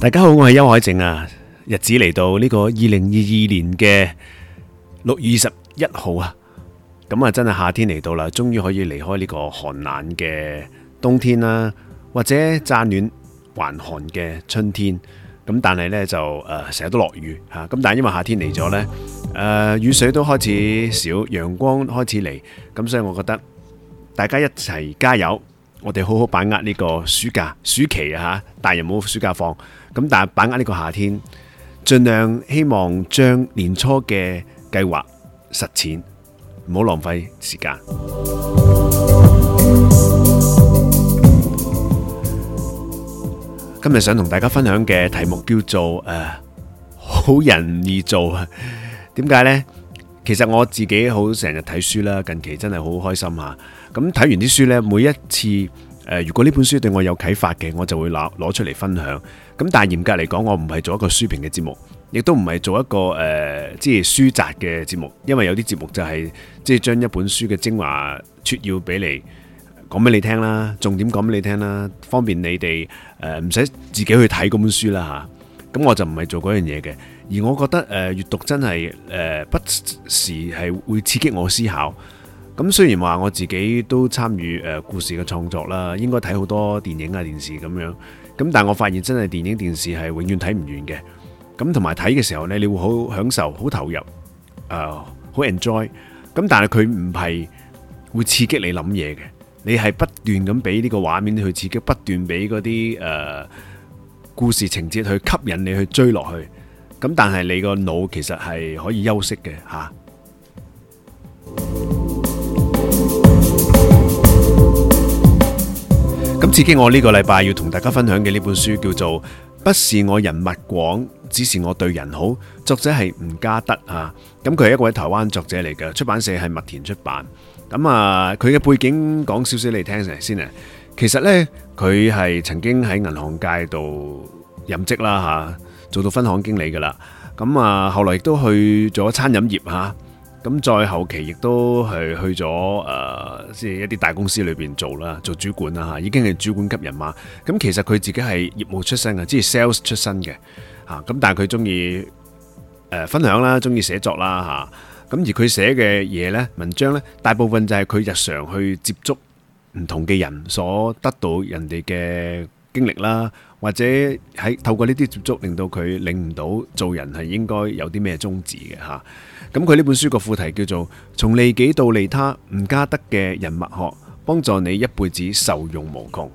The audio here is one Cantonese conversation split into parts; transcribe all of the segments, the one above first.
大家好，我係邱海靖啊！日子嚟到呢個二零二二年嘅六月二十一號啊，咁啊真係夏天嚟到啦，終於可以離開呢個寒冷嘅冬天啦，或者乍暖還寒嘅春天。咁但係呢，就誒成日都落雨吓，咁、啊、但係因為夏天嚟咗呢，誒、呃、雨水都開始少，陽光開始嚟，咁所以我覺得大家一齊加油，我哋好好把握呢個暑假暑期啊，大人冇暑假放。咁但係把握呢個夏天，盡量希望將年初嘅計劃實踐，唔好浪費時間。今日想同大家分享嘅題目叫做誒，好人易做啊？點解呢？其實我自己好成日睇書啦，近期真係好開心啊！咁睇完啲書呢，每一次。誒，如果呢本書對我有啟發嘅，我就會攞攞出嚟分享。咁但係嚴格嚟講，我唔係做一個書評嘅節目，亦都唔係做一個誒，即、呃、係、就是、書摘嘅節目。因為有啲節目就係即係將一本書嘅精華撮要俾你講俾你聽啦，重點講俾你聽啦，方便你哋誒唔使自己去睇嗰本書啦吓，咁、啊、我就唔係做嗰樣嘢嘅。而我覺得誒、呃，閱讀真係誒、呃、不時係會刺激我思考。咁雖然話我自己都參與誒故事嘅創作啦，應該睇好多電影啊、電視咁樣。咁但係我發現真係電影、電視係永遠睇唔完嘅。咁同埋睇嘅時候呢，你會好享受、好投入，誒，好 enjoy。咁但係佢唔係會刺激你諗嘢嘅，你係不斷咁俾呢個畫面去刺激，不斷俾嗰啲誒故事情節去吸引你去追落去。咁但係你個腦其實係可以休息嘅吓。刺激。我呢個禮拜要同大家分享嘅呢本書叫做《不是我人脈廣，只是我對人好》，作者係吳家德啊。咁佢係一位台灣作者嚟嘅，出版社係麥田出版。咁啊，佢嘅背景講少少你聽先啊。其實呢，佢係曾經喺銀行界度任職啦吓，做到分行經理噶啦。咁啊，後來亦都去做咗餐飲業吓。啊咁再後期亦都係去咗誒，即係一啲大公司裏邊做啦，做主管啦嚇，已經係主管級人馬。咁其實佢自己係業務出身嘅，即係 sales 出身嘅嚇。咁但係佢中意誒分享啦，中意寫作啦嚇。咁而佢寫嘅嘢呢，文章呢，大部分就係佢日常去接觸唔同嘅人所得到人哋嘅經歷啦，或者喺透過呢啲接觸，令到佢領悟到做人係應該有啲咩宗旨嘅吓。咁佢呢本書個副題叫做《從利己到利他：吳家德嘅人脈學》，幫助你一輩子受用無窮。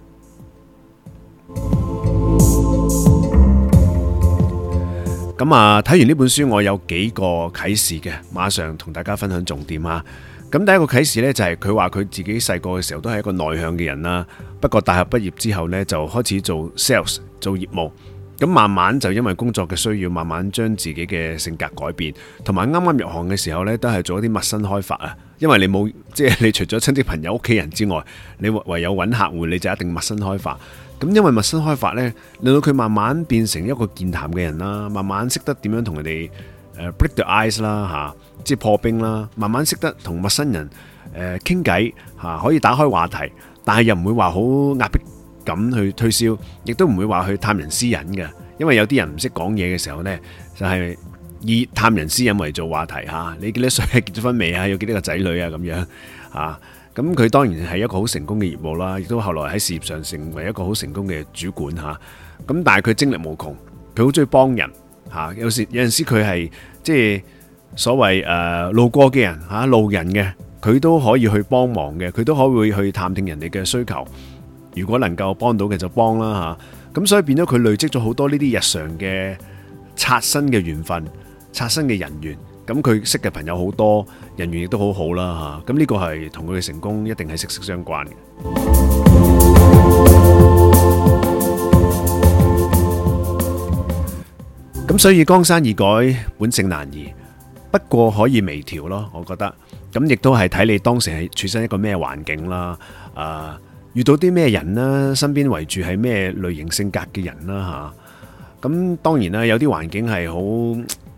咁啊，睇完呢本書，我有幾個啟示嘅，馬上同大家分享重點啊！咁第一個啟示呢就係佢話佢自己細個嘅時候都係一個內向嘅人啦，不過大學畢業之後呢就開始做 sales 做業務，咁慢慢就因為工作嘅需要，慢慢將自己嘅性格改變，同埋啱啱入行嘅時候呢都係做一啲陌生開發啊，因為你冇即係你除咗親戚朋友屋企人之外，你唯有揾客戶你就一定陌生開發，咁因為陌生開發呢令到佢慢慢變成一個健談嘅人啦，慢慢識得點樣同人哋。誒 break the ice 啦嚇，即係破冰啦，慢慢識得同陌生人誒傾偈嚇，可以打開話題，但係又唔會話好壓迫咁去推銷，亦都唔會話去探人私隱嘅，因為有啲人唔識講嘢嘅時候咧，就係以探人私隱為做話題嚇，你幾多歲啊？結咗婚未啊？有幾多個仔女啊？咁樣嚇，咁佢當然係一個好成功嘅業務啦，亦都後來喺事業上成為一個好成功嘅主管嚇，咁但係佢精力無窮，佢好鍾意幫人。吓，有時有陣時佢係即係所謂誒路過嘅人吓，路人嘅，佢都可以去幫忙嘅，佢都可以去探聽人哋嘅需求。如果能夠幫到嘅就幫啦吓，咁所以變咗佢累積咗好多呢啲日常嘅擦身嘅緣分、擦身嘅人緣。咁佢識嘅朋友好多，人緣亦都好好啦吓。咁呢個係同佢嘅成功一定係息息相關嘅。咁所以江山易改，本性難移。不過可以微調咯，我覺得。咁亦都係睇你當時係處身一個咩環境啦，啊、呃，遇到啲咩人啦，身邊圍住係咩類型性格嘅人啦吓。咁、啊、當然啦，有啲環境係好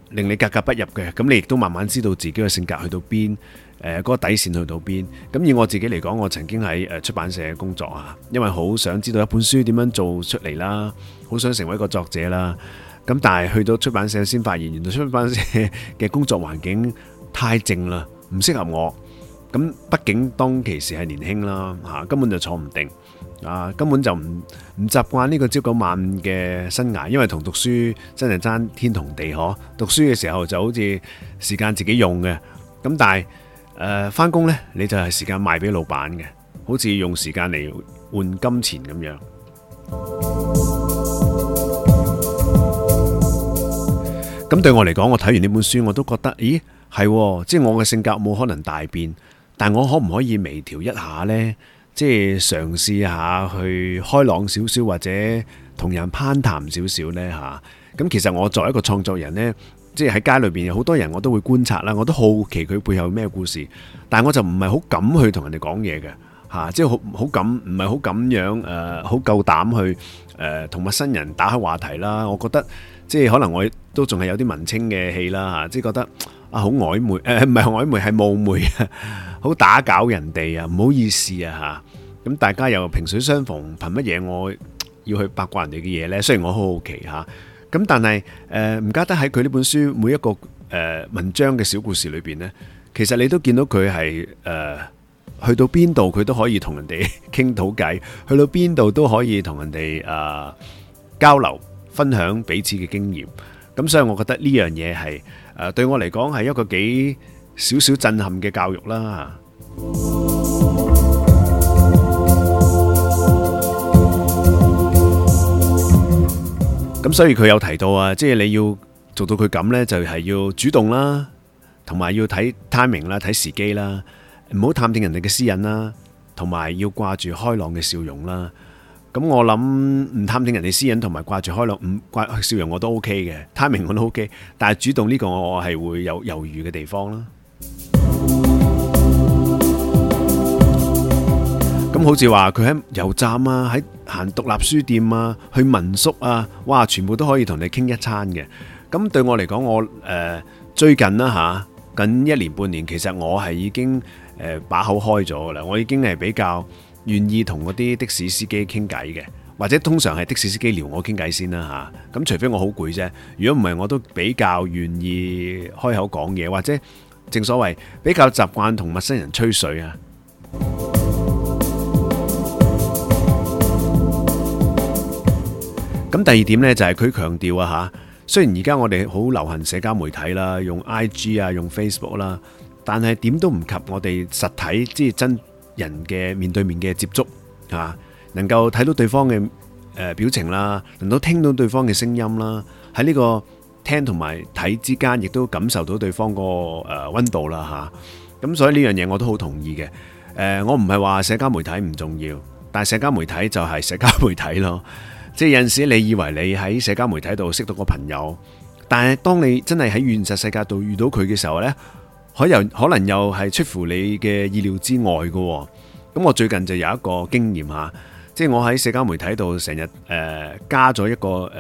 令你格格不入嘅，咁你亦都慢慢知道自己嘅性格去到邊，誒、呃，嗰個底線去到邊。咁以我自己嚟講，我曾經喺出版社嘅工作啊，因為好想知道一本書點樣做出嚟啦，好想成為一個作者啦。咁但係去到出版社先發現，原來出版社嘅工作環境太靜啦，唔適合我。咁畢竟當其時係年輕啦，嚇根本就坐唔定，啊，根本就唔唔習慣呢個朝九晚五嘅生涯，因為同讀書真係爭天同地呵。讀書嘅時候就好似時間自己用嘅，咁但係誒返工呢，你就係時間賣俾老闆嘅，好似用時間嚟換金錢咁樣。咁對我嚟講，我睇完呢本書，我都覺得，咦，係，即係我嘅性格冇可能大變，但我可唔可以微調一下呢？即係嘗試下去開朗少少，或者同人攀談少少呢？吓、啊。咁其實我作為一個創作人呢，即係喺街裏邊，有好多人我都會觀察啦，我都好奇佢背後咩故事，但係我就唔係好敢去同人哋講嘢嘅，吓、啊，即係好好敢，唔係好咁樣誒，好夠膽去誒，同陌生人打開話題啦。我覺得。即係可能我都仲係有啲文青嘅氣啦嚇，即係覺得啊好曖昧誒，唔係曖昧係冒昧啊，好打攪人哋啊，唔好意思啊嚇。咁大家又萍水相逢，憑乜嘢我要去八卦人哋嘅嘢呢？雖然我好好奇嚇，咁但係誒吳家德喺佢呢本書每一個誒文章嘅小故事裏邊呢，其實你都見到佢係誒去到邊度佢都可以同人哋傾到偈，去到邊度都可以同人哋啊交流。分享彼此嘅經驗，咁所以我覺得呢樣嘢係誒對我嚟講係一個幾少少震撼嘅教育啦。咁所以佢有提到啊，即係你要做到佢咁呢，就係要主動啦，同埋要睇 timing 啦，睇時機啦，唔好探聽人哋嘅私隱啦，同埋要掛住開朗嘅笑容啦。咁我諗唔探聽人哋私隱同埋掛住開朗唔掛笑容我都 O K 嘅，timing 我都 O、OK, K，但係主動呢個我我係會有猶豫嘅地方啦。咁 好似話佢喺油站啊，喺行獨立書店啊，去民宿啊，哇，全部都可以同你傾一餐嘅。咁對我嚟講，我誒、呃、最近啦吓、啊，近一年半年，其實我係已經誒把、呃、口開咗噶啦，我已經係比較。願意同嗰啲的士司機傾偈嘅，或者通常係的士司機撩我傾偈先啦吓，咁除非我好攰啫，如果唔係我都比較願意開口講嘢，或者正所謂比較習慣同陌生人吹水啊。咁 第二點呢，就係佢強調啊吓，雖然而家我哋好流行社交媒體啦，用 I G 啊，用 Facebook 啦，但係點都唔及我哋實體即係真人嘅面對面嘅接觸嚇，能夠睇到對方嘅誒表情啦，能夠聽到對方嘅聲音啦，喺呢個聽同埋睇之間，亦都感受到對方個誒温度啦嚇。咁所以呢樣嘢我都好同意嘅。誒，我唔係話社交媒體唔重要，但係社交媒體就係社交媒體咯。即係有陣時，你以為你喺社交媒體度識到個朋友，但係當你真係喺現實世界度遇到佢嘅時候呢，可又可能又係出乎你嘅意料之外嘅，咁我最近就有一個經驗吓，即係我喺社交媒體度成日誒加咗一個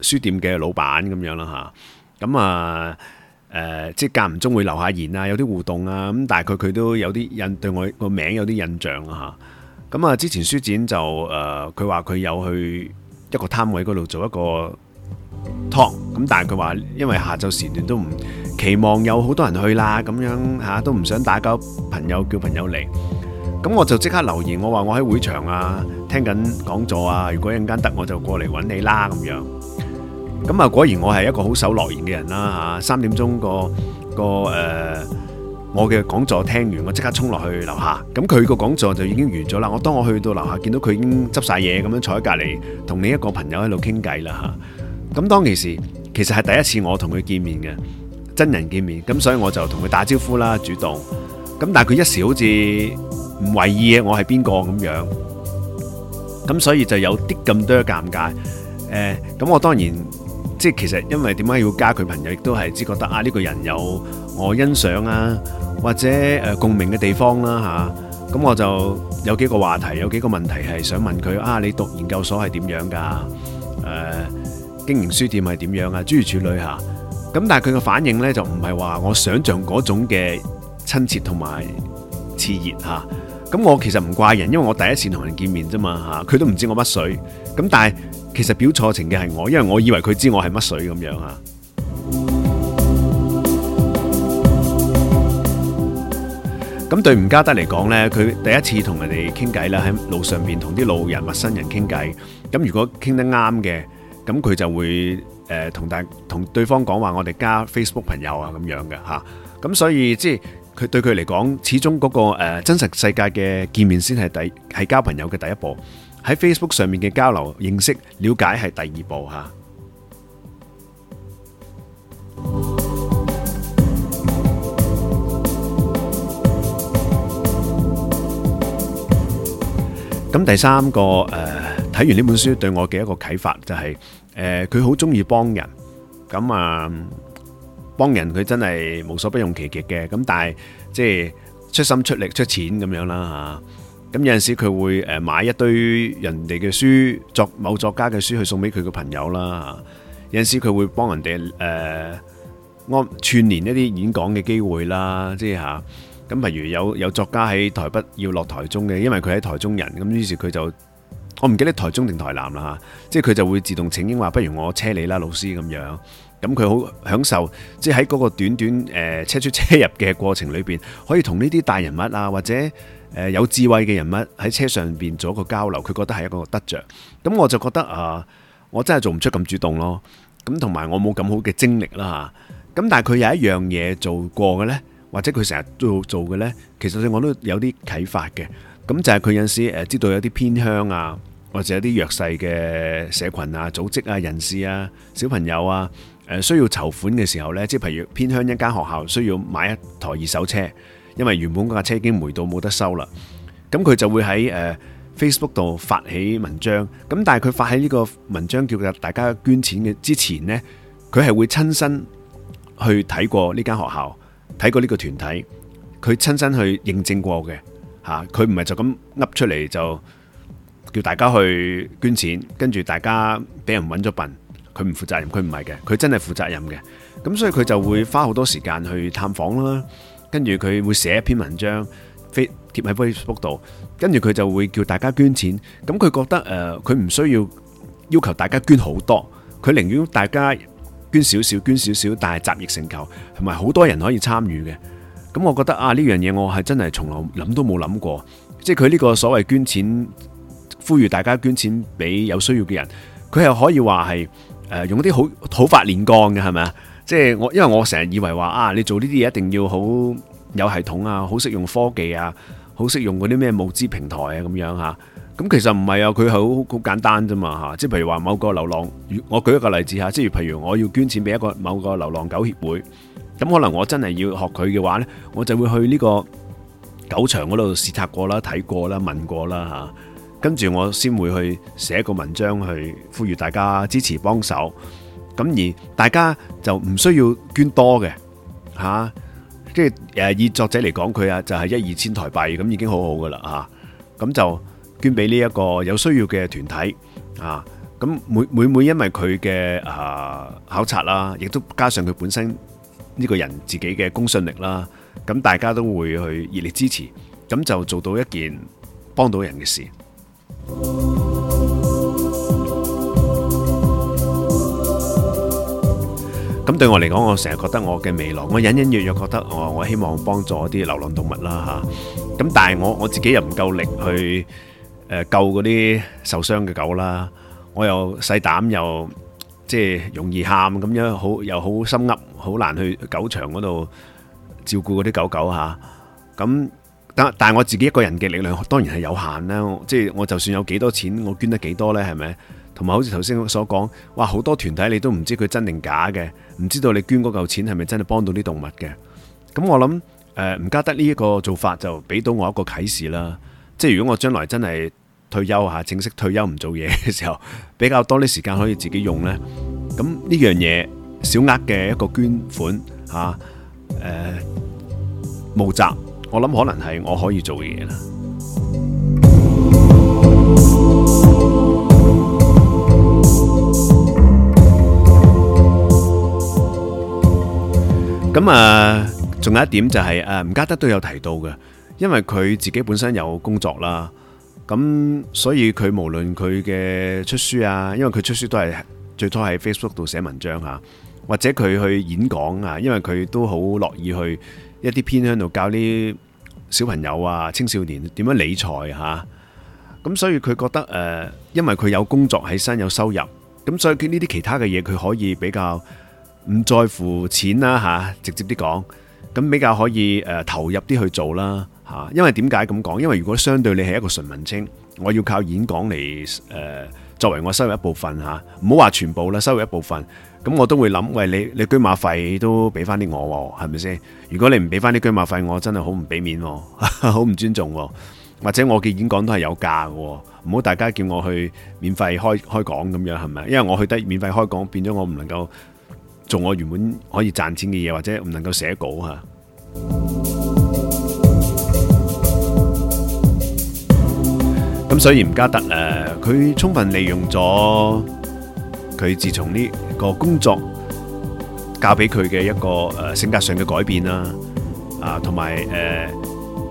誒書店嘅老闆咁樣啦吓，咁啊誒即係間唔中會留下言啊，有啲互動啊，咁大概佢都有啲印對我個名有啲印象吓，咁啊之前書展就誒佢話佢有去一個攤位嗰度做一個。托咁，Talk, 但係佢話因為下晝時段都唔期望有好多人去啦，咁樣吓都唔想打攪朋友叫朋友嚟，咁我就即刻留言，我話我喺會場啊，聽緊講座啊，如果一陣間得，我就過嚟揾你啦，咁樣。咁啊，果然我係一個好守諾言嘅人啦吓，三點鐘個個誒、呃，我嘅講座聽完，我即刻衝落去樓下，咁佢個講座就已經完咗啦。我當我去到樓下見到佢已經執晒嘢咁樣坐喺隔籬，同另一個朋友喺度傾偈啦吓。咁當其時，其實係第一次我同佢見面嘅真人見面，咁所以我就同佢打招呼啦，主動。咁但係佢一時好似唔為意我係邊個咁樣。咁所以就有啲咁多嘅尷尬。誒、呃，咁我當然即係其實因為點解要加佢朋友，亦都係只覺得啊呢、這個人有我欣賞啊或者誒、呃、共鳴嘅地方啦、啊、嚇。咁、啊、我就有幾個話題，有幾個問題係想問佢啊。你讀研究所係點樣㗎、啊？誒、呃。經營書店係點樣啊？諸如此類吓，咁但係佢嘅反應呢，就唔係話我想象嗰種嘅親切同埋熾熱吓，咁我其實唔怪人，因為我第一次同人見面啫嘛吓，佢都唔知我乜水，咁但係其實表錯情嘅係我，因為我以為佢知我係乜水咁樣啊。咁對吳家德嚟講呢，佢第一次同人哋傾偈啦，喺路上面同啲路人、陌生人傾偈，咁如果傾得啱嘅。咁佢就會誒同大同對方講話，我哋加 Facebook 朋友啊咁樣嘅吓。咁所以即係佢對佢嚟講，始終嗰個誒真實世界嘅見面先係第係交朋友嘅第一步，喺 Facebook 上面嘅交流、認識、瞭解係第二步吓。咁第三個誒。睇完呢本書對我嘅一個啟發就係，誒佢好鍾意幫人，咁啊幫人佢真係無所不用其極嘅，咁但係即係出心出力出錢咁樣啦吓，咁有陣時佢會誒買一堆人哋嘅書，作某作家嘅書去送俾佢嘅朋友啦吓，有陣時佢會幫人哋誒安串聯一啲演講嘅機會啦，即係吓，咁譬如有有作家喺台北要落台中嘅，因為佢喺台中人，咁於是佢就。我唔記得台中定台南啦嚇，即係佢就會自動請纓話，不如我車你啦，老師咁樣，咁佢好享受，即係喺嗰個短短誒車出車入嘅過程裏邊，可以同呢啲大人物啊或者誒有智慧嘅人物喺車上邊做一個交流，佢覺得係一個得著。咁我就覺得啊，我真係做唔出咁主動咯。咁同埋我冇咁好嘅精力啦嚇。咁但係佢有一樣嘢做過嘅咧，或者佢成日都做嘅咧，其實我都有啲啟發嘅。咁就係佢有時誒知道有啲偏鄉啊，或者有啲弱勢嘅社群啊、組織啊、人士啊、小朋友啊，誒需要籌款嘅時候呢，即係譬如偏鄉一間學校需要買一台二手車，因為原本嗰架車已經霉到冇得收啦，咁佢就會喺 Facebook 度發起文章，咁但係佢發起呢個文章叫做大家捐錢嘅之前呢，佢係會親身去睇過呢間學校，睇過呢個團體，佢親身去認證過嘅。嚇！佢唔係就咁噏出嚟就叫大家去捐錢，跟住大家俾人揾咗笨，佢唔負責任，佢唔係嘅，佢真係負責任嘅。咁所以佢就會花好多時間去探訪啦，跟住佢會寫一篇文章，飛貼喺 Facebook 度，跟住佢就會叫大家捐錢。咁佢覺得誒，佢、呃、唔需要要求大家捐好多，佢寧願大家捐少少，捐少少，但係集腋成裘，同埋好多人可以參與嘅。咁我覺得啊，呢樣嘢我係真係從來諗都冇諗過，即係佢呢個所謂捐錢，呼籲大家捐錢俾有需要嘅人，佢係可以話係誒用啲好土法煉鋼嘅係咪啊？即係我因為我成日以為話啊，你做呢啲嘢一定要好有系統啊，好識用科技啊，好識用嗰啲咩募資平台啊咁樣吓。咁，啊，其實唔係啊，佢好好簡單啫嘛吓。即係譬如話某個流浪，我舉一個例子吓，即係譬如我要捐錢俾一個某個流浪狗協會。咁可能我真係要學佢嘅話呢，我就會去呢個狗場嗰度視察過啦，睇過啦，問過啦吓，跟住我先會去寫個文章去呼籲大家支持幫手。咁而大家就唔需要捐多嘅吓，即係誒以作者嚟講佢啊就係一二千台幣咁已經好好噶啦吓，咁就捐俾呢一個有需要嘅團體啊。咁每每每因為佢嘅誒考察啦，亦都加上佢本身。呢個人自己嘅公信力啦，咁大家都會去熱烈支持，咁就做到一件幫到人嘅事。咁對我嚟講，我成日覺得我嘅未來，我隱隱約約覺得我我希望幫助一啲流浪動物啦，嚇。咁但係我我自己又唔夠力去誒救嗰啲受傷嘅狗啦，我又細膽又即係容易喊，咁樣好又好心噏。好難去狗場嗰度照顧嗰啲狗狗吓，咁但但係我自己一個人嘅力量，當然係有限啦。即係我就算有幾多錢，我捐得幾多呢？係咪？同埋好似頭先所講，哇，好多團體你都唔知佢真定假嘅，唔知道你捐嗰嚿錢係咪真係幫到啲動物嘅。咁我諗，誒，吳家德呢一個做法就俾到我一個啟示啦。即係如果我將來真係退休吓，正式退休唔做嘢嘅時候，比較多啲時間可以自己用呢。咁呢樣嘢。小額嘅一個捐款嚇，誒募集，我諗可能係我可以做嘅嘢啦。咁啊，仲有一點就係誒吳家德都有提到嘅，因為佢自己本身有工作啦，咁所以佢無論佢嘅出書啊，因為佢出書都係最多喺 Facebook 度寫文章嚇。或者佢去演講啊，因為佢都好樂意去一啲偏鄉度教啲小朋友啊、青少年點樣理財嚇，咁所以佢覺得誒，因為佢有工作喺身有收入，咁所以佢呢啲其他嘅嘢佢可以比較唔在乎錢啦嚇，直接啲講，咁比較可以誒投入啲去做啦嚇，因為點解咁講？因為如果相對你係一個純文青，我要靠演講嚟誒。呃作為我收入一部分嚇，唔好話全部啦，收入一部分，咁我都會諗喂，你你車馬費都俾翻啲我喎，係咪先？如果你唔俾翻啲車馬費，我真係好唔俾面喎，好唔尊重喎。或者我嘅演講都係有價嘅，唔好大家叫我去免費開開講咁樣係咪？因為我去得免費開講，變咗我唔能夠做我原本可以賺錢嘅嘢，或者唔能夠寫稿嚇。所以吳家德誒，佢充分利用咗佢自從呢個工作教俾佢嘅一個誒性格上嘅改變啦，啊，同埋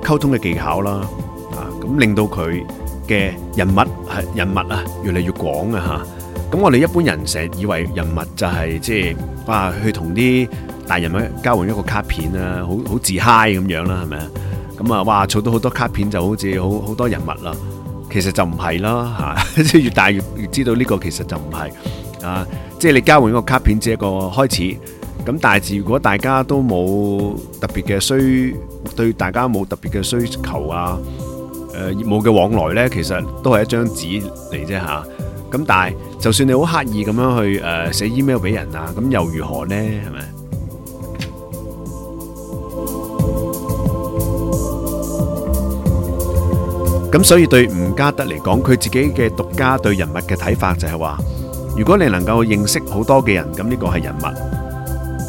誒溝通嘅技巧啦，啊，咁令到佢嘅人物係人物啊越嚟越廣啊嚇！咁我哋一般人成日以為人物就係即係哇去同啲大人物交換一個卡片啊，好好自嗨 i 咁樣啦，係咪啊？咁啊哇，儲到好多卡片就好似好好多人物啦～其實就唔係啦，嚇！即係越大越越知道呢個其實就唔係啊！即係你交換一個卡片只係一個開始，咁但係如果大家都冇特別嘅需，對大家冇特別嘅需求啊，誒業務嘅往來呢，其實都係一張紙嚟啫嚇！咁、啊、但係就算你好刻意咁樣去誒寫 email 俾人啊，咁又如何呢？係咪？咁所以對吳家德嚟講，佢自己嘅獨家對人脈嘅睇法就係話：如果你能夠認識好多嘅人，咁呢個係人脈；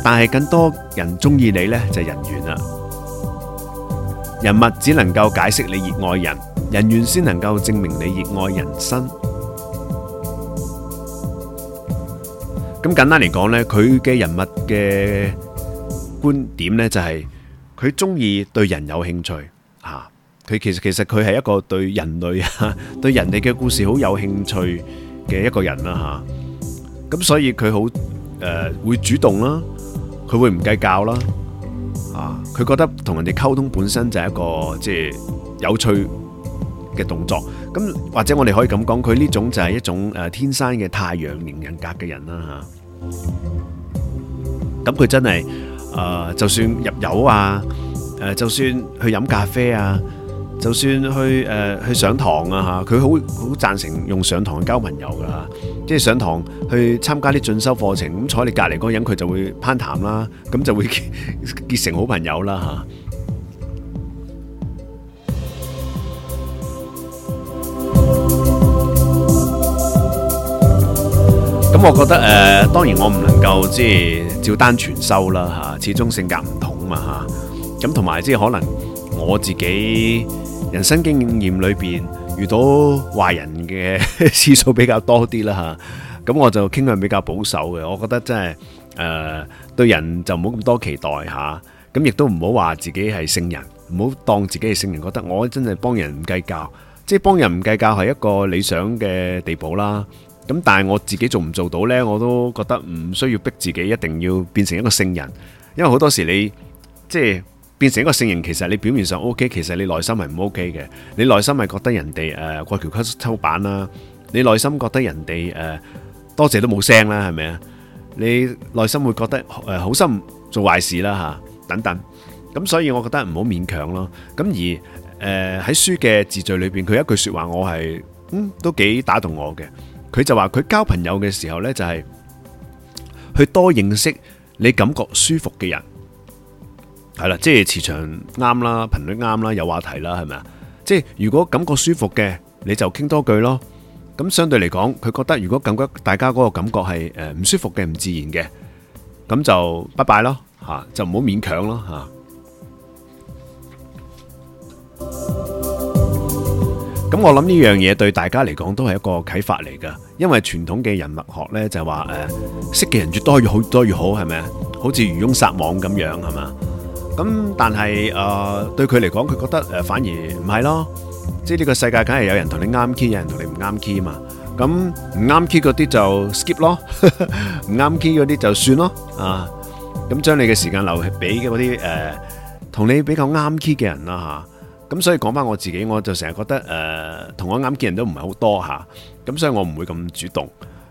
但係更多人中意你呢，就係人緣啦。人脈只能夠解釋你熱愛人，人緣先能夠證明你熱愛人生。咁簡單嚟講呢，佢嘅人脈嘅觀點呢就係佢中意對人有興趣啊。佢其實其實佢係一個對人類啊，對人哋嘅故事好有興趣嘅一個人啦吓。咁所以佢好誒會主動啦，佢會唔計較啦，啊，佢覺得同人哋溝通本身就係一個即係有趣嘅動作。咁或者我哋可以咁講，佢呢種就係一種誒天生嘅太陽型人格嘅人啦吓。咁佢真係誒，就算入油啊，誒，就算去飲咖啡啊。就算去誒、呃、去上堂啊嚇，佢好好贊成用上堂交朋友噶嚇，即係上堂去參加啲進修課程，咁坐喺你隔離嗰人佢就會攀談啦，咁就會結，結成好朋友啦嚇。咁、啊、 我覺得誒、呃，當然我唔能夠即係照單全收啦嚇，始終性格唔同嘛嚇，咁同埋即係可能我自己。人生經驗裏邊遇到壞人嘅次數比較多啲啦吓，咁我就傾向比較保守嘅。我覺得真係誒對人就冇咁多期待吓，咁亦都唔好話自己係聖人，唔好當自己係聖人。覺得我真係幫人唔計較，即係幫人唔計較係一個理想嘅地步啦。咁但係我自己做唔做到呢？我都覺得唔需要逼自己一定要變成一個聖人，因為好多時你即係。變成一個性型，其實你表面上 O K，其實你內心係唔 O K 嘅。你內心係覺得人哋誒過橋抽板啦，你內心覺得人哋誒多謝都冇聲啦，係咪啊？你內心會覺得誒好心做壞事啦吓，等等。咁所以我覺得唔好勉強咯。咁而誒喺書嘅字序裏邊，佢一句說話我係嗯都幾打動我嘅。佢就話佢交朋友嘅時候呢，就係去多認識你感覺舒服嘅人。係啦，即係磁場啱啦，頻率啱啦，有話題啦，係咪啊？即係如果感覺舒服嘅，你就傾多句咯。咁相對嚟講，佢覺得如果感覺大家嗰個感覺係誒唔舒服嘅、唔自然嘅，咁就拜拜咯，吓、啊、就唔好勉強咯，吓。咁我諗呢樣嘢對大家嚟講都係一個啟發嚟噶，因為傳統嘅人脈學呢，就話誒、呃、識嘅人越多越好，越多越好，係咪啊？好似漁翁撒網咁樣，係嘛？咁但係誒對佢嚟講，佢覺得誒反而唔係咯，即係呢個世界梗係有人同你啱 key，有人同你唔啱 key 嘛。咁唔啱 key 嗰啲就 skip 咯，唔啱 key 嗰啲就算咯啊。咁將你嘅時間留俾嗰啲誒同你比較啱 key 嘅人啦嚇。咁所以講返我自己，我就成日覺得誒同我啱 key 人都唔係好多嚇，咁所以我唔會咁主動。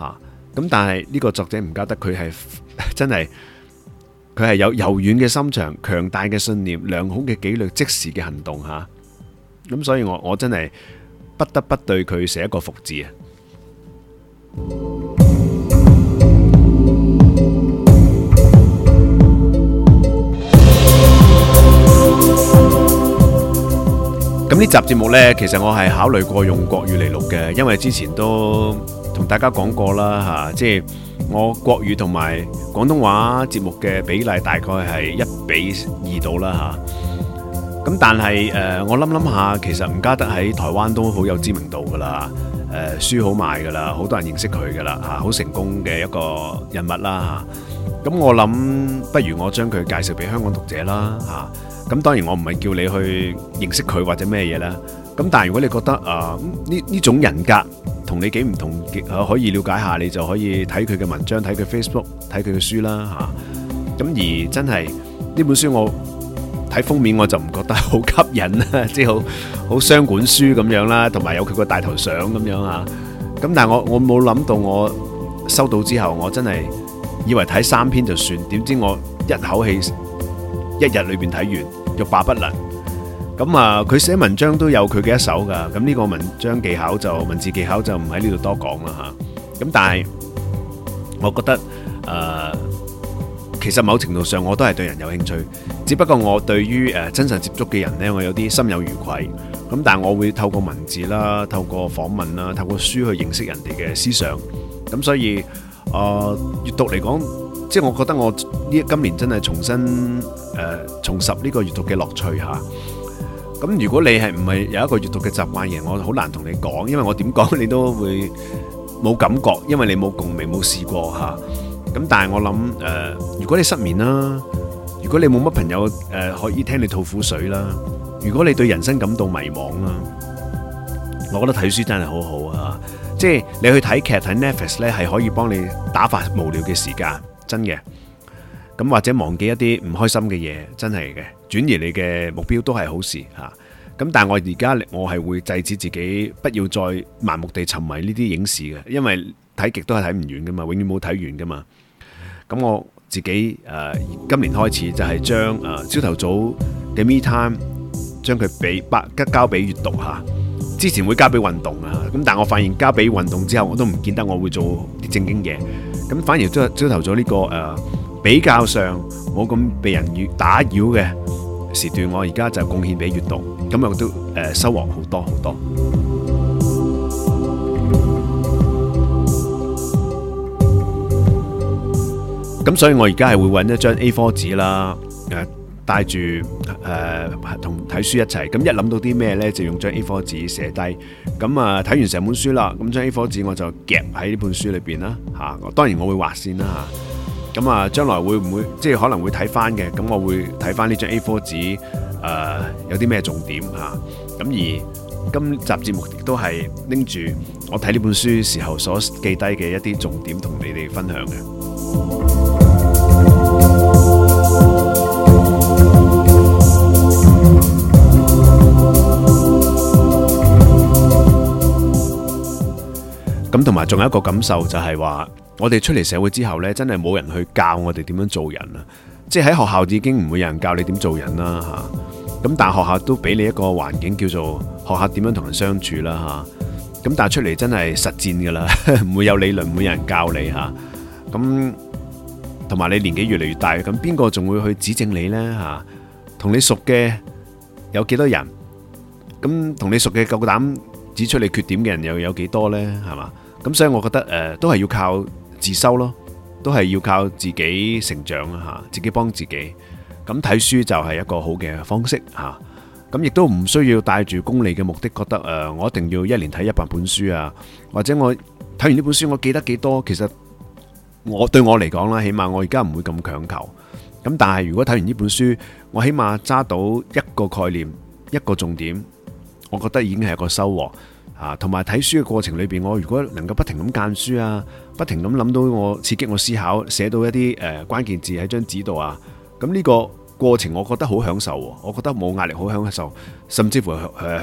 吓咁、啊，但係呢個作者吳家德佢係真係，佢係有柔軟嘅心腸、強大嘅信念、良好嘅紀律、即時嘅行動吓。咁、啊、所以我我真係不得不對佢寫一個服字啊！咁呢 集節目呢，其實我係考慮過用國語嚟錄嘅，因為之前都，同大家講過啦嚇，即係我國語同埋廣東話節目嘅比例大概係一比二到啦嚇。咁但係誒，我諗諗下，其實吳家德喺台灣都好有知名度㗎啦，誒書好賣㗎啦，好多人認識佢㗎啦嚇，好成功嘅一個人物啦嚇。咁我諗不如我將佢介紹俾香港讀者啦嚇。咁當然我唔係叫你去認識佢或者咩嘢啦。咁但係如果你覺得啊，呢呢種人格同你幾唔同，可以了解下，你就可以睇佢嘅文章，睇佢 Facebook，睇佢嘅書啦嚇。咁、啊、而真係呢本書我睇封面我就唔覺得好吸引啦、啊，即係好好商管書咁樣啦，同埋有佢個大頭相咁樣嚇。咁、啊、但係我我冇諗到我收到之後，我真係以為睇三篇就算，點知我一口氣一日裏邊睇完，欲罷不能。咁啊，佢寫文章都有佢嘅一手㗎。咁呢個文章技巧就文字技巧就唔喺呢度多講啦吓。咁但係我覺得誒、呃，其實某程度上我都係對人有興趣，只不過我對於誒、呃、真實接觸嘅人呢，我有啲心有餘悸。咁但係我會透過文字啦，透過訪問啦，透過書去認識人哋嘅思想。咁所以誒、呃，閱讀嚟講，即係我覺得我呢今年真係重新誒、呃、重拾呢個閱讀嘅樂趣吓。咁如果你係唔係有一個閲讀嘅習慣嘅人，我好難同你講，因為我點講你都會冇感覺，因為你冇共鳴冇試過嚇。咁但係我諗，誒，如果你失眠啦，如果你冇乜朋友誒可以聽你吐苦水啦，如果你對人生感到迷茫啦，我覺得睇書真係好好啊！即係你去睇劇睇 Netflix 咧，係可以幫你打發無聊嘅時間，真嘅。咁或者忘記一啲唔開心嘅嘢，真係嘅。轉移你嘅目標都係好事吓。咁但係我而家我係會制止自己不要再盲目地沉迷呢啲影視嘅，因為睇極都係睇唔完㗎嘛，永遠冇睇完㗎嘛。咁我自己誒今年開始就係將誒朝頭早嘅 me time 將佢俾把交交俾閲讀吓。之前會交俾運動啊，咁但係我發現交俾運動之後，我都唔見得我會做啲正經嘢，咁反而都朝頭早呢個誒比較上冇咁被人擾打擾嘅。時段我而家就貢獻俾閲讀，咁又都誒收穫好多好多。咁所以，我而家係會揾一張 A4 紙啦，誒帶住誒同睇書一齊。咁一諗到啲咩呢，就用張 A4 紙寫低。咁啊，睇完成本書啦，咁張 A4 紙我就夾喺呢本書裏邊啦。嚇，當然我會先畫線啦。咁啊，將來會唔會即係可能會睇返嘅？咁我會睇返呢張 A4 紙，誒有啲咩重點啊？咁而今集節目亦都係拎住我睇呢本書時候所記低嘅一啲重點同你哋分享嘅。咁同埋仲有一個感受就係話。我哋出嚟社會之後呢，真係冇人去教我哋點樣做人啊！即係喺學校已經唔會有人教你點做人啦，嚇。咁但係學校都俾你一個環境叫做學下點樣同人相處啦，嚇。咁但係出嚟真係實戰噶啦，唔會有理論，唔會有人教你嚇。咁同埋你年紀越嚟越大，咁邊個仲會去指正你呢？嚇，同你熟嘅有幾多人？咁同你熟嘅夠個膽指出你缺點嘅人又有幾多呢？係嘛？咁所以我覺得誒、呃，都係要靠，自修咯，都係要靠自己成長吓，自己幫自己。咁睇書就係一個好嘅方式吓，咁亦都唔需要帶住功利嘅目的，覺得誒，我一定要一年睇一百本書啊，或者我睇完呢本書我記得幾多，其實我對我嚟講啦，起碼我而家唔會咁強求。咁但係如果睇完呢本書，我起碼揸到一個概念，一個重點，我覺得已經係一個收穫。啊，同埋睇書嘅過程裏邊，我如果能夠不停咁間書啊，不停咁諗到我刺激我思考，寫到一啲誒關鍵字喺張紙度啊，咁呢個過程我覺得好享受喎，我覺得冇壓力，好享受，甚至乎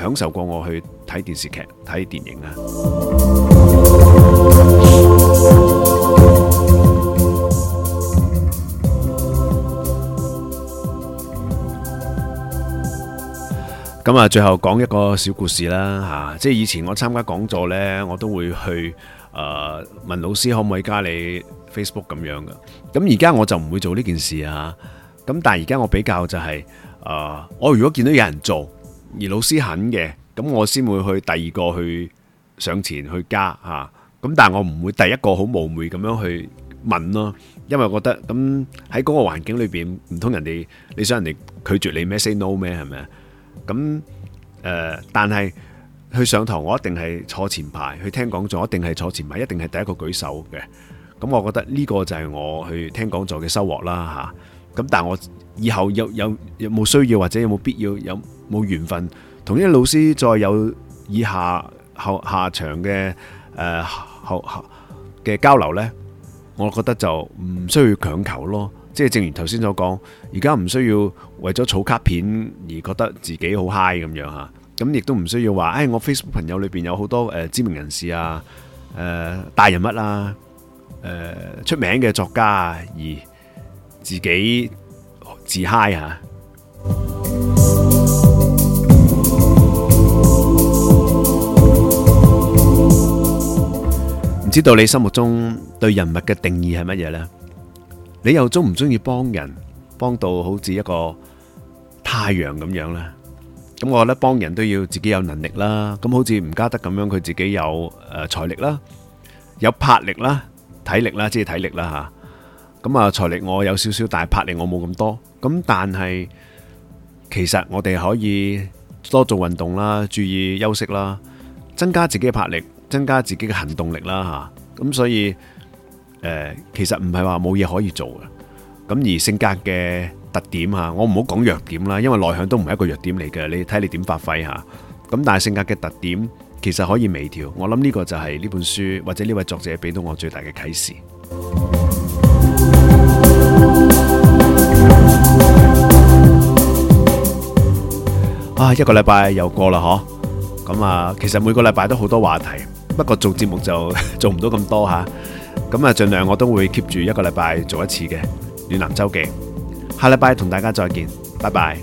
享受過我去睇電視劇、睇電影啊。咁啊，最後講一個小故事啦吓，即係以前我參加講座咧，我都會去誒問老師可唔可以加你 Facebook 咁樣噶。咁而家我就唔會做呢件事啊。咁但係而家我比較就係誒，我如果見到有人做而老師肯嘅，咁我先會去第二個去上前去加吓。咁但係我唔會第一個好冒昧咁樣去問咯，因為我覺得咁喺嗰個環境裏邊，唔通人哋你想人哋拒絕你咩？say no 咩？係咪啊？咁誒、呃，但係去上堂，我一定係坐前排去聽講座，一定係坐前排，一定係第一個舉手嘅。咁我覺得呢個就係我去聽講座嘅收穫啦嚇。咁、啊、但係我以後有有有冇需要或者有冇必要有冇緣分同啲老師再有以下後下、下、下場嘅誒後嘅交流呢，我覺得就唔需要強求咯。即係正如頭先所講，而家唔需要為咗儲卡片而覺得自己好嗨 i g 咁樣吓，咁亦都唔需要話，誒、哎，我 Facebook 朋友裏邊有好多誒、呃、知名人士啊，誒、呃、大人物啦，誒、呃、出名嘅作家啊，而自己自嗨 i 唔知道你心目中對人物嘅定義係乜嘢呢？你又中唔中意幫人？幫到好似一個太陽咁樣咧？咁我覺得幫人都要自己有能力啦。咁好似吳家德咁樣，佢自己有誒財力啦，有魄力啦、體力啦，即係體力啦吓。咁啊，財力我有少少，但係魄力我冇咁多。咁但係其實我哋可以多做運動啦，注意休息啦，增加自己嘅魄力，增加自己嘅行動力啦吓。咁所以。誒，其實唔係話冇嘢，可以做嘅。咁而性格嘅特點吓，我唔好講弱點啦，因為內向都唔係一個弱點嚟嘅。你睇你點發揮吓，咁但係性格嘅特點其實可以微調。我諗呢個就係呢本書或者呢位作者俾到我最大嘅啟示。啊，一個禮拜又過啦，嗬，咁啊，其實每個禮拜都好多話題，不過做節目就做唔到咁多吓。咁啊，儘量我都會 keep 住一個禮拜做一次嘅暖男周記，下禮拜同大家再見，拜拜。